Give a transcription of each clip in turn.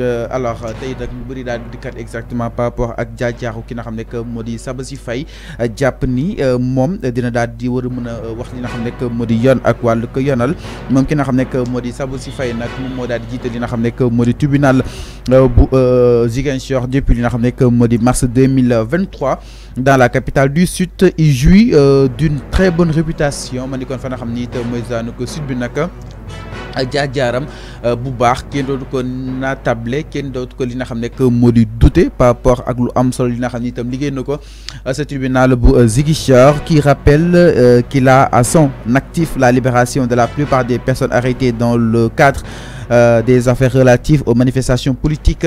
Euh, alors euh, exactement par rapport ak jaajaaxu ki n'a xam que modi di Sabassy euh, ni mom dina daal di war a wax li nga que ak walu mom ki nga que modi qui est li que tribunal depuis li que mars 2023 dans la capitale du sud il jouit d'une très bonne réputation fa jaar euh, bu baax kenn dootu ko naatable kenn dootu ko li nga xam ne que moo di douter par rapport ak lu am solo li nga xam ne itam liggéey na ko euh, ce tribunal bu euh, qui rappelle qu'il a à son actif la libération de la plupart des personnes arrêtées dans le cadre des affaires relatives aux manifestations politiques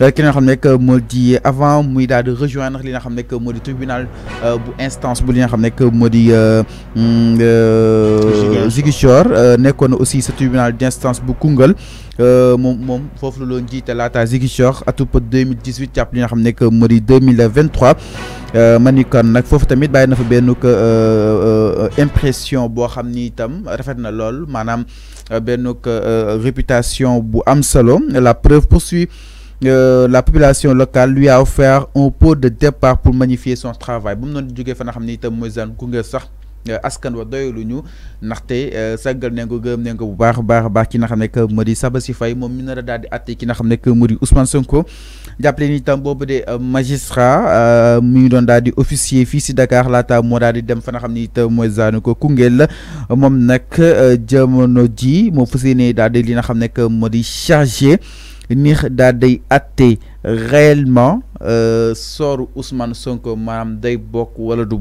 Euh, ki nga xam que moo avant muy daal de rejoindre li nga xam modi tribunal euh, bu instance bu li nga xam modi moo euh, mm, n'est qu'on aussi ce tribunal d'instance bu Koungheul moom moom foofu la doon jiite à tout atub 2018 qui li nga xam nekk modi 2023 ma ni kon nag foofu tamit bayina na fa benn impression bo xamni tam itam rafet na lool manam benn réputation bu am solo la preuve poursuit euh, la population locale lui a offert un pot de départ pour magnifier son travail bu mu doon jógee fa nga xam ne itam mooy sax euh, askan wa doyalu ñu ndaxte euh, sagal ne ko gërëm ne ko bu baax baax baax ki nga xam ne que moo di Sabassy Faye moom mi nar a daal di atté ki nga xam ne que moo Ousmane Sonko jàppale ni tam bobu de magistrat mu ngi doon daal di officier fi ci Dakar laata mo daal di dem fa nga xam ne itam mooy ko Koungheul mom nak jamono ji moo fas yéene daal di li nga xam ne que moo chargé nix daal day réellement euh, sor Ousmane Sonko manam day bok wala du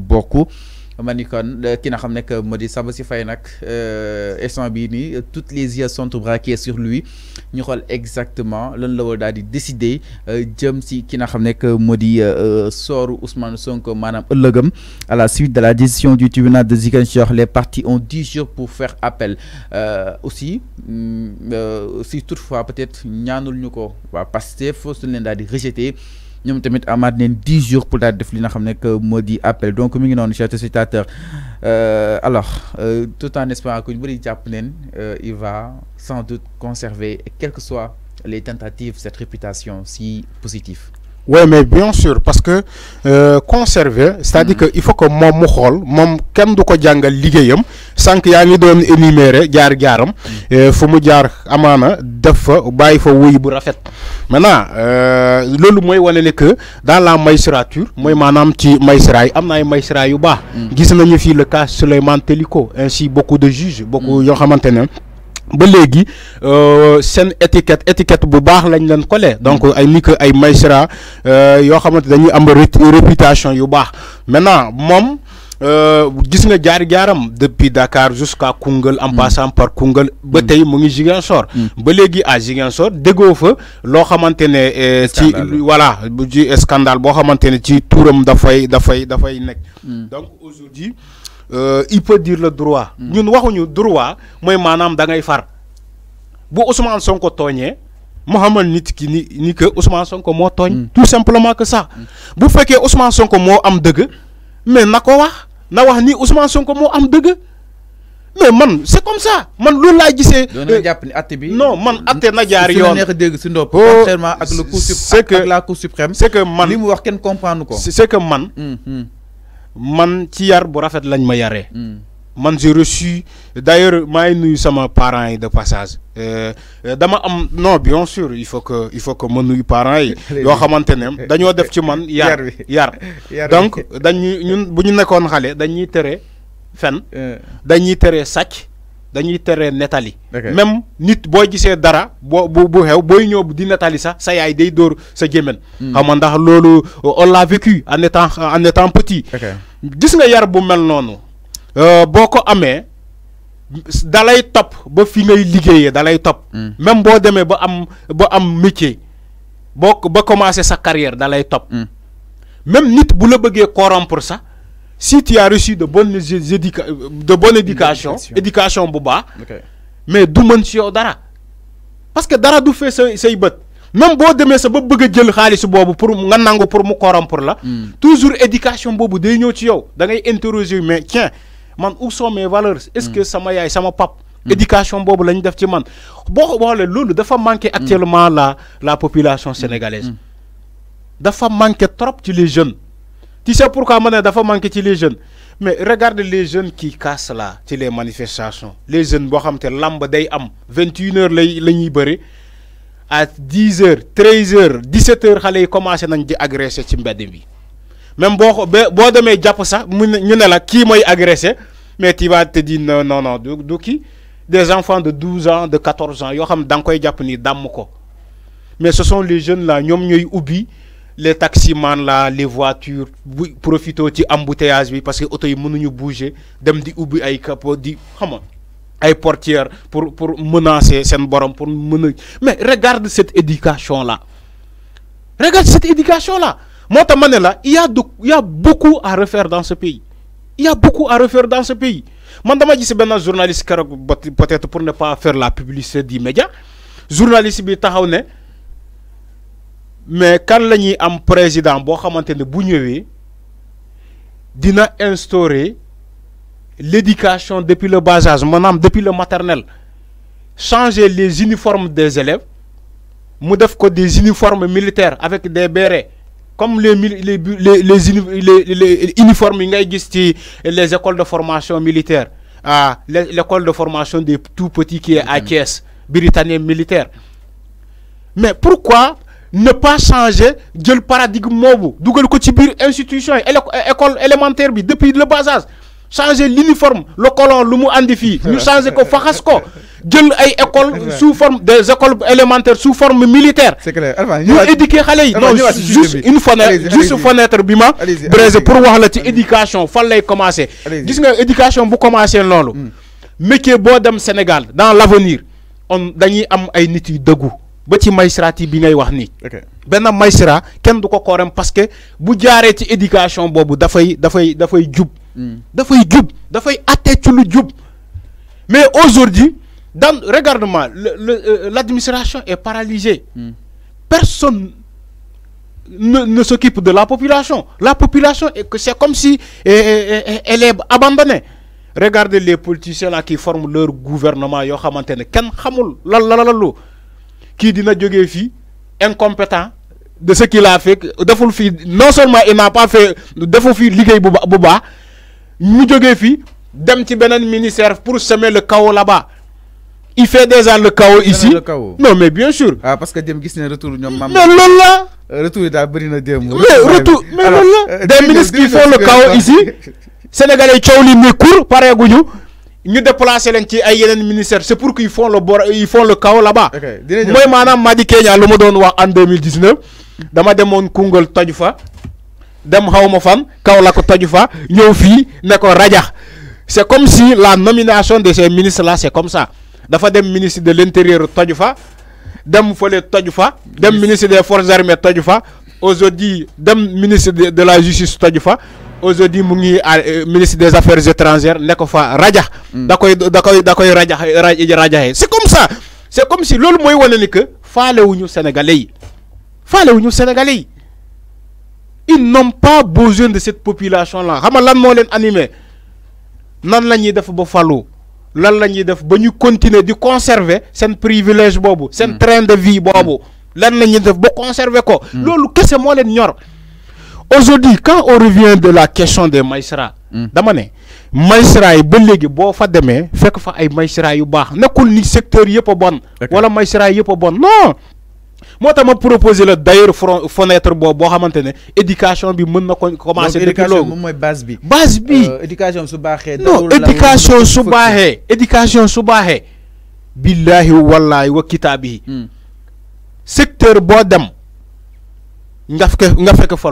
ma ni kon euh, ki nga xam nekk moo et Sabassy Faye euh, euh, toutes les yeux sont braqués sur lui ñu xool exactement le la war daal décider si ki n'a xam que moo di Ousmane Sonko maanaam ëllëgam à la suite de la décision du tribunal de Ziguinchor les parties ont dix jours pour faire appel aussi mm, si toutefois peut-être ñaanul ñu ko waa Pastef foofu suñ rejeter ñom tamit amaat neen 10 jours pour la def li nga xamne que modi Maudit appel donc mi ngi chers euh alors euh, tout en espérant que ñu euh, il va sans doute conserver quelles que soient les tentatives cette réputation si positive oui mais bien sûr parce que euh, conserver c'est-à-dire mm-hmm. que il faut que mon mu xool ken du ko jàngal liggéeyam qu'il énumérer jaar jaaram mm-hmm. euh, fu jaar amana, def fa fa le bu rafet maintenant euh, que dans la magistrature ay yu baax mm-hmm. le cas Souleymane ainsi beaucoup de juges beaucoup ba euh seen étiquette étiquette bu baax lañ leen collé donc ay ni que ay maïsra euh, yo une dañuy am réputation yu baax maintenant euh gis nga jaar jaaram depuis Dakar jusqu'à Koungheul en mm. passant par Koungheul ba mm. tay mo ngi Ziguinchor mm. ba légui à Ziguinchor déggoo fa lo euh, xamante ne ci voilà ci scandale ci touram da fay da fay da fay nek donc aujourd'hui euh, il peut dire le droit hmm. ñun waxuñu droit mooy maanaam da ngay far bu Ousmane Sonko tooñee mu xamal nit ki ni ni que Ousmane Sonko togn mm. tout simplement que ça hmm. bu fekkee Ousmane Sonko Mo am deug mais nako wax na wax ni Ousmane Sonko mo am deug mais man c'est comme ça man lu laa gisee. No na euh, ni bi non man atte na jaar yoon neex a dégg oh, contrairement ak le cour suprême ak la cour suprême c'est que man li mu wax kenn comprendre ko c'est que man hmm, man ci yar bu rafet lañ ma yaré hmm. man j'ai reçu d'ailleurs maa ngi nuyu sama parents de passage euh, euh, dama am non bien sûr il faut que il faut que ma nuyu parents yi. yoo xamante ne def ci man. yar yar donc dañ ñun bu ñu xalé xale dañuy téré fen. Euh. dañuy téré sàcc. dañuy tere nettali même nit boo gisee dara boo bu bu xew booy ñëw di nettali sax sa yaay day dóor sa gémmen hmm. xam nga ndax loolu on l'a vécu en étant en étant petit gis nga yar bu mel noonu euh, boo ko amee dalay topp ba fi ngay liggéeyee dalay topp hmm. même boo demee ba am ba am métier boo ba commencé sa carrière dalay topp hmm. même nit bu la bëggee corrompre sax si tu as reçu de bonnes, éducations, de bonnes éducation, éducation boba, mais d'où monsieur dara. Parce que dara d'où fait ses ce, Même si demain sa bëgg bëgg jël xaaliss bobu pour nga nangu pour mu koram pour là toujours éducation bobu day ñëw tu yow da ngay interroger mais tiens man où sont mes valeurs est-ce hmm. que sama yaay sama pap hmm. éducation bobu lañ def ci man bo xolé lolu dafa manque hmm. actuellement la la population sénégalaise dafa manque trop ci les jeunes tu sais pourquoi il faut manquer les jeunes Mais regarde les jeunes qui cassent là, dans les manifestations. Les jeunes, qui ont des lampes, des am, 21 heures, les libérer. À 10 h 13 h 17 h ils commencent à agresser les vie. Même si vous avez dit ça, a là qui m'a agressé. Mais tu vas te dire non, non, non, de, qui Des enfants de 12 ans, de 14 ans, ils ont des enfants qui ont Mais ce sont les jeunes là, ils ont oublié, les taximans là les voitures profitent aussi ci embouteillage parce que auto yi mënuñu bouger dem di ubbi ay capot di xam ay pour pour menacer sen borom pour mën mais regarde cette éducation là regarde cette éducation là il y a il y a beaucoup à refaire dans ce pays il y a beaucoup à refaire dans ce pays man dama gis benn journaliste car peut-être pour ne pas faire la publicité des médias journaliste bi taxaw mais quand nous un président il a instauré l'éducation depuis le bas âge depuis le maternel changer les uniformes des élèves mu fait des uniformes militaires avec des bérets comme les les les uniformes ngay les écoles de formation militaire à l'école de formation des tout petits qui est à Kies mm-hmm. Britannique militaire mais pourquoi ne pas changer de paradigme moobu dugal ko ci biir institution école élémentaire bi depuis le bas âge changer l'uniforme le colon le mu en défi nous changer ko faxas ko jël ay école sous forme des écoles élémentaires sous forme militaire nous éduquer xalé yi non juste une fenêtre juste fenêtre bima ma pour wax la ci éducation commencer gis nga éducation bu commencer lolu hmm. métier bo dem Sénégal dans l'avenir on dañuy am ay nit yu ba ci magistrat bi ngay wax ni ben magistrat kenn du ko parce que bu jaaree ci éducation da fay djub da fay djub da fay atte ci lu djub mais aujourd'hui dans regarde-moi euh, l'administration est paralysée. Hmm. personne ne s'occupe de la population la population est que c'est comme si elle est abandonnée. regardez les politiciens là qui forment leur gouvernement yo xamantene ken xamul lan la la lo qui dina jógee est incompétent de ce qu'il a fait non seulement il n'a pas fait defu fii liggéey mais il mu jógee fii dem ci ministère pour semer le chaos là-bas il fait déjà le chaos ici non mais bien sûr. ah parce que dem est ne retour non, mais lola. là. Euh, retour est daal bëri na mais retour mais loolu des ministres qui font le chaos ici sénégalais coow Mekour, pareil court pareeguñu nous déplacer leen ci ay yeneen ministère c'est pour qu'ils font le bor ils font le chaos là-bas. mooy m'a Madi Kenya lu ma doon wax en 2019 dama demone Koungheul toj fa dem xaw fan kaw la ko toj fa ñëw fii ne ko rajax c'est comme si la nomination de ces ministres là c'est comme ça dafa dem ministre de l'intérieur, intérieur fa dem fele toj fa dem ministre des forces armées toj fa aujourd'hui dem ministre de la justice toj fa aujourd'hui mu ngi ah, euh, ministre des affaires étrangères ne ko fa rajax mm. dakoy koy da koy da c'est comme ça c'est comme si lolou moy wane ni que faalewuñu sénégalais yi faalewuñu sénégalais ils n'ont pas besoin de cette population là xam lan mo len animé nan lañuy def ba falu lan lañuy def ba ñu continuer di conserver sen privilège bobu sen mm. train de vie bobu mm. lan lañuy def ba conserver ko lolou kese mo len ñor aujourd'hui quand on revient de la question des maïsra, hmm. dama maïsra yi ba légui fa démé fekk fa ay yu ni secteur bon wala yépp bon non Moi, ma d'ailleurs fenêtre pour L'éducation l'éducation éducation bi mën na bi euh, éducation non éducation éducation wa hmm. secteur se dem nga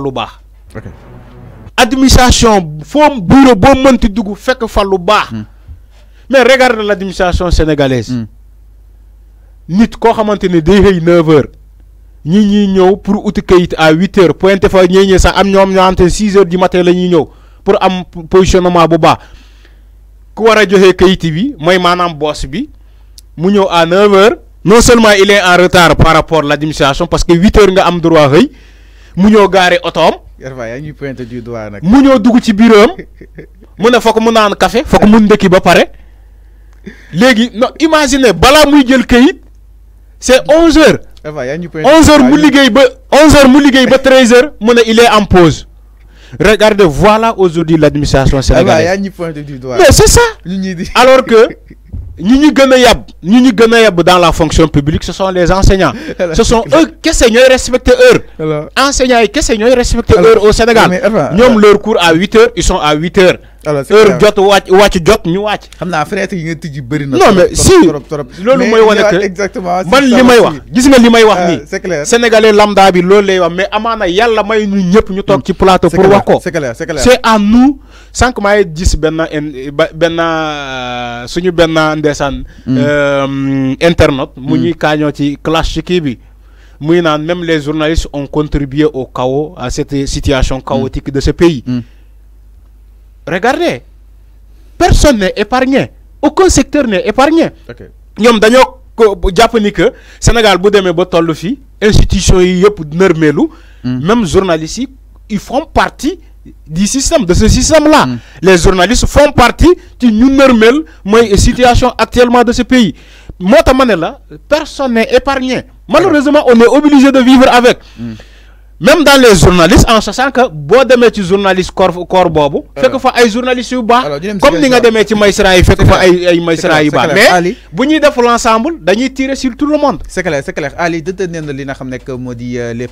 administration il bureau boo mënti dugg fekk fa lu hmm. mais regardez l'administration sénégalaise. Hmm. nit ko xamanteni day 9h. ñi ñuy ñëw pour outil kayit à 8h pointe fa ñi ñee am ñom ñu 6h du matin la ñuy ñëw pour am positionnement bu baax. ku wara kayit bi moy manam boss bi mu ñëw à 9h. non seulement il est en retard par rapport à l'administration parce que 8h nga am droit xëy mu ñëw garé autom mu y dugg ci biiram mu ne foko mu naan café foko mu ba pare y non imagine bala muy jël c'est 11 heures 11h mu liggéey ba 11h, mu mu il est en pause regardez voilà aujourd'hui l'administration sénégalaise mais c'est ça alors que ñi sommes dans la fonction publique ce sont les enseignants ce sont eux que seigneur respecter eux? enseignants et que seigneur respecter eux au Sénégal Ils ont euh, leur cours à 8h, ils sont à 8h. heure jot wàcc wàcc jot ñu wàcc. xam naa fenêtre yi nga tijji bëri na. non mais si loolu mooy wane que man li may wax gis nga li may wax ah, nii. c'est clair sénégalais lambda bi loolu lay wax mais amaana yàlla may ñu ñëpp ñu toog ci plateau. pour wax ko c'est clair c'est clair c'est à nous. sànq maa ngi gis benn benn euh, suñu benn ndeesaan. Mm. Euh, internaute. mu mm. ñuy kaañoo ci clash ci kii bi. muy naan même les journalistes on contribué au chaos à cette situation chaotique de ce pays. Mm. regardez personne n'est épargné aucun secteur n'est épargné. Nous, avons japonais, Sénégal bu vous ba hmm. même journalistes ils font partie du système de ce système là. Hmm. les journalistes font partie de la situation actuellement de ce pays. Moi, personne n'est épargné malheureusement on est obligé de vivre avec. Hmm. même dans les journalistes en sachant que boo demee ci journaliste corps corps boobu. fekk fa ay journalistes yu baax. comme ni nga demee ci magistrat yi fekk fa ay ay yu baax. mais bu ñuy def l' dañuy tirer sur tout le monde. c' est Ali dëgg na li nga xam nekk moo di euh, les